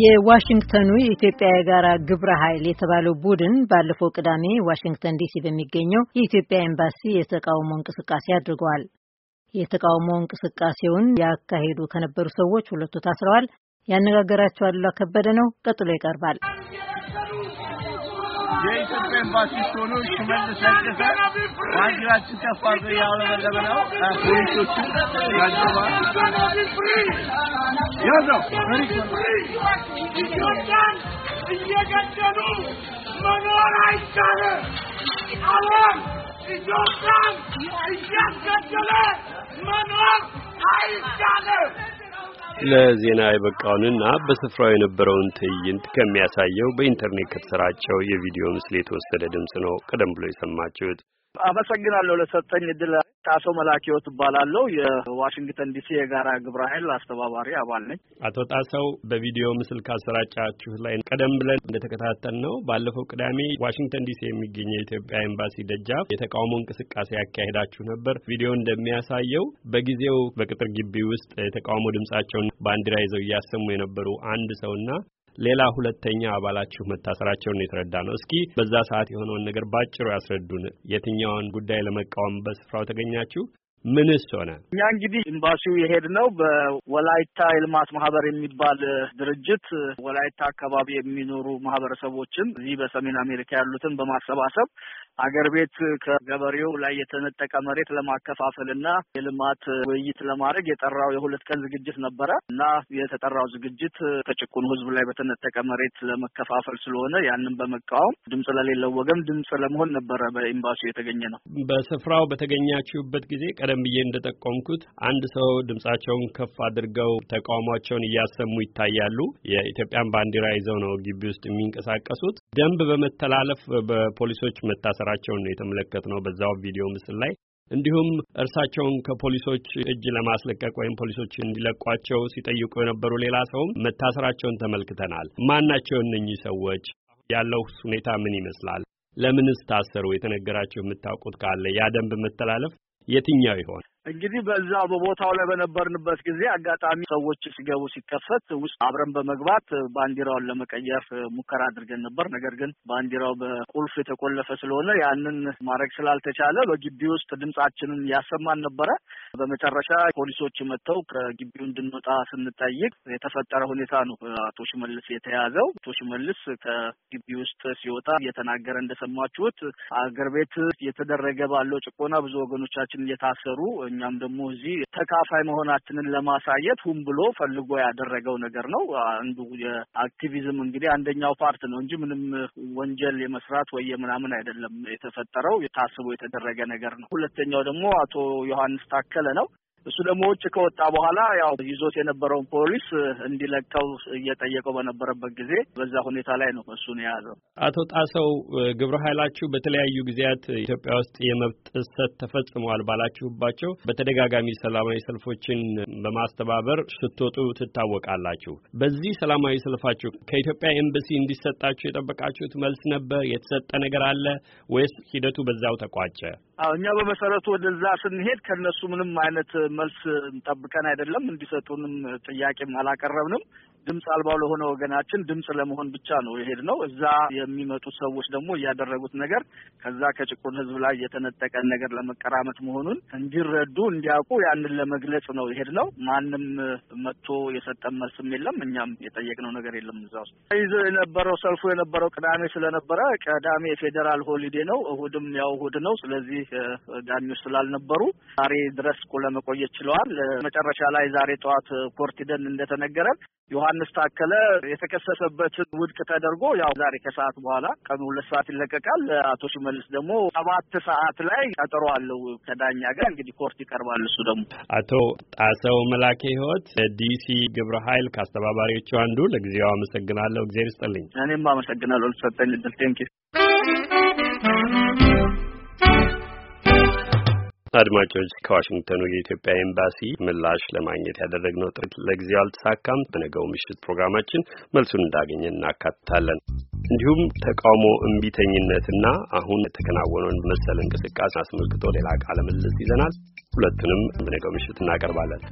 የዋሽንግተኑ የኢትዮጵያ የጋራ ግብረ ኃይል የተባለው ቡድን ባለፈው ቅዳሜ ዋሽንግተን ዲሲ በሚገኘው የኢትዮጵያ ኤምባሲ የተቃውሞ እንቅስቃሴ አድርገዋል። የተቃውሞ እንቅስቃሴውን ያካሄዱ ከነበሩ ሰዎች ሁለቱ ታስረዋል። ያነጋገራቸው አሉላ ከበደ ነው። ቀጥሎ ይቀርባል። దేశం భాషిస్తూను సుమంత సంఖ్య వాటి రాసిన పాత్ర యాదవ మనోరాయిస్తారు అవన్ İzlediğiniz için teşekkür ederim. ለዜና የበቃውንና በስፍራው የነበረውን ትዕይንት ከሚያሳየው በኢንተርኔት ከተሰራጨው የቪዲዮ ምስል የተወሰደ ድምፅ ነው ቀደም ብሎ የሰማችሁት። አመሰግናለሁ ለሰጠኝ እድል። አቶ መላኪዮ ትባላለሁ። የዋሽንግተን ዲሲ የጋራ ግብረ ኃይል አስተባባሪ አባል ነኝ። አቶ ጣሰው በቪዲዮ ምስል ካሰራጫችሁ ላይ ቀደም ብለን እንደተከታተል ነው ባለፈው ቅዳሜ ዋሽንግተን ዲሲ የሚገኘ የኢትዮጵያ ኤምባሲ ደጃፍ የተቃውሞ እንቅስቃሴ ያካሄዳችሁ ነበር። ቪዲዮ እንደሚያሳየው በጊዜው በቅጥር ግቢ ውስጥ የተቃውሞ ድምጻቸውን ባንዲራ ይዘው እያሰሙ የነበሩ አንድ ሰውና ሌላ ሁለተኛ አባላችሁ መታሰራቸውን የተረዳ ነው። እስኪ በዛ ሰዓት የሆነውን ነገር ባጭሩ ያስረዱን። የትኛውን ጉዳይ ለመቃወም በስፍራው ተገኛችሁ? ምንስ ሆነ? እኛ እንግዲህ ኤምባሲው የሄድነው በወላይታ የልማት ማህበር የሚባል ድርጅት ወላይታ አካባቢ የሚኖሩ ማህበረሰቦችን እዚህ በሰሜን አሜሪካ ያሉትን በማሰባሰብ አገር ቤት ከገበሬው ላይ የተነጠቀ መሬት ለማከፋፈል እና የልማት ውይይት ለማድረግ የጠራው የሁለት ቀን ዝግጅት ነበረ እና የተጠራው ዝግጅት ከጭቁኑ ህዝቡ ላይ በተነጠቀ መሬት ለመከፋፈል ስለሆነ ያንን በመቃወም ድምፅ ለሌለው ወገን ድምፅ ለመሆን ነበረ በኤምባሲው የተገኘ ነው። በስፍራው በተገኛችሁበት ጊዜ ቀደም ብዬ እንደጠቆምኩት አንድ ሰው ድምጻቸውን ከፍ አድርገው ተቃውሟቸውን እያሰሙ ይታያሉ። የኢትዮጵያን ባንዲራ ይዘው ነው ግቢ ውስጥ የሚንቀሳቀሱት። ደንብ በመተላለፍ በፖሊሶች መታሰ መታሰራቸውን ነው የተመለከትነው በዛው ቪዲዮ ምስል ላይ። እንዲሁም እርሳቸውን ከፖሊሶች እጅ ለማስለቀቅ ወይም ፖሊሶች እንዲለቋቸው ሲጠይቁ የነበሩ ሌላ ሰውም መታሰራቸውን ተመልክተናል። ማን እነኚህ ሰዎች? ያለው ሁኔታ ምን ይመስላል? ለምንስ ታሰሩ? የተነገራቸው የምታውቁት ካለ ያ ደንብ መተላለፍ የትኛው ይሆን? እንግዲህ በዛ በቦታው ላይ በነበርንበት ጊዜ አጋጣሚ ሰዎች ሲገቡ ሲከፈት ውስጥ አብረን በመግባት ባንዲራውን ለመቀየር ሙከራ አድርገን ነበር። ነገር ግን ባንዲራው በቁልፍ የተቆለፈ ስለሆነ ያንን ማድረግ ስላልተቻለ በግቢ ውስጥ ድምጻችንን ያሰማን ነበረ። በመጨረሻ ፖሊሶች መጥተው ከግቢው እንድንወጣ ስንጠይቅ የተፈጠረ ሁኔታ ነው። አቶ ሽመልስ የተያዘው አቶ ሽመልስ ከግቢ ውስጥ ሲወጣ እየተናገረ እንደሰማችሁት አገር ቤት እየተደረገ ባለው ጭቆና ብዙ ወገኖቻችን እየታሰሩ እኛም ደግሞ እዚህ ተካፋይ መሆናችንን ለማሳየት ሁም ብሎ ፈልጎ ያደረገው ነገር ነው። አንዱ የአክቲቪዝም እንግዲህ አንደኛው ፓርት ነው እንጂ ምንም ወንጀል የመስራት ወይ የምናምን አይደለም የተፈጠረው ታስቦ የተደረገ ነገር ነው። ሁለተኛው ደግሞ አቶ ዮሐንስ ታከለ ነው። እሱ ደግሞ ውጭ ከወጣ በኋላ ያው ይዞት የነበረውን ፖሊስ እንዲለቀው እየጠየቀው በነበረበት ጊዜ በዛ ሁኔታ ላይ ነው እሱን የያዘው። አቶ ጣሰው ግብረ ኃይላችሁ በተለያዩ ጊዜያት ኢትዮጵያ ውስጥ የመብት ጥሰት ተፈጽመዋል ባላችሁባቸው በተደጋጋሚ ሰላማዊ ሰልፎችን በማስተባበር ስትወጡ ትታወቃላችሁ። በዚህ ሰላማዊ ሰልፋችሁ ከኢትዮጵያ ኤምባሲ እንዲሰጣችሁ የጠበቃችሁት መልስ ነበር? የተሰጠ ነገር አለ ወይስ ሂደቱ በዛው ተቋጨ? እኛ በመሰረቱ ወደዛ ስንሄድ ከነሱ ምንም አይነት መልስ ጠብቀን አይደለም እንዲሰጡንም ጥያቄም አላቀረብንም። ድምፅ አልባው ለሆነ ወገናችን ድምፅ ለመሆን ብቻ ነው የሄድ ነው። እዛ የሚመጡ ሰዎች ደግሞ እያደረጉት ነገር ከዛ ከጭቁን ህዝብ ላይ የተነጠቀን ነገር ለመቀራመት መሆኑን እንዲረዱ እንዲያውቁ ያንን ለመግለጽ ነው የሄድ ነው። ማንም መጥቶ የሰጠን መልስም የለም፣ እኛም የጠየቅነው ነገር የለም። እዛ ውስጥ ይዞ የነበረው ሰልፉ የነበረው ቅዳሜ ስለነበረ ቅዳሜ የፌዴራል ሆሊዴ ነው፣ እሁድም ያው እሁድ ነው። ስለዚህ ዳኞች ስላልነበሩ ዛሬ ድረስ እኮ ለመቆየት ችለዋል። መጨረሻ ላይ ዛሬ ጠዋት ኮርት ሂደን እንደተነገረን ካንስታከለ ታከለ የተከሰሰበት ውድቅ ተደርጎ ያው ዛሬ ከሰዓት በኋላ ቀኑ ሁለት ሰዓት ይለቀቃል። አቶ ሽመልስ ደግሞ ሰባት ሰዓት ላይ ቀጠሮ አለው ከዳኛ ጋር እንግዲህ ኮርት ይቀርባል። እሱ ደግሞ አቶ ጣሰው መላኬ ህይወት ዲሲ ግብረ ኃይል ከአስተባባሪዎቹ አንዱ ለጊዜው አመሰግናለሁ። እግዜር ይስጥልኝ። እኔም አመሰግናለሁ ለተሰጠኝ ዕድል ቴንኪ አድማጮች ከዋሽንግተኑ የኢትዮጵያ ኤምባሲ ምላሽ ለማግኘት ያደረግነው ጥረት ለጊዜው አልተሳካም። በነገው ምሽት ፕሮግራማችን መልሱን እንዳገኘ እናካትታለን። እንዲሁም ተቃውሞ እምቢተኝነትና አሁን የተከናወነውን መሰል እንቅስቃሴ አስመልክቶ ሌላ ቃለ ምልልስ ይዘናል። ሁለቱንም በነገው ምሽት እናቀርባለን።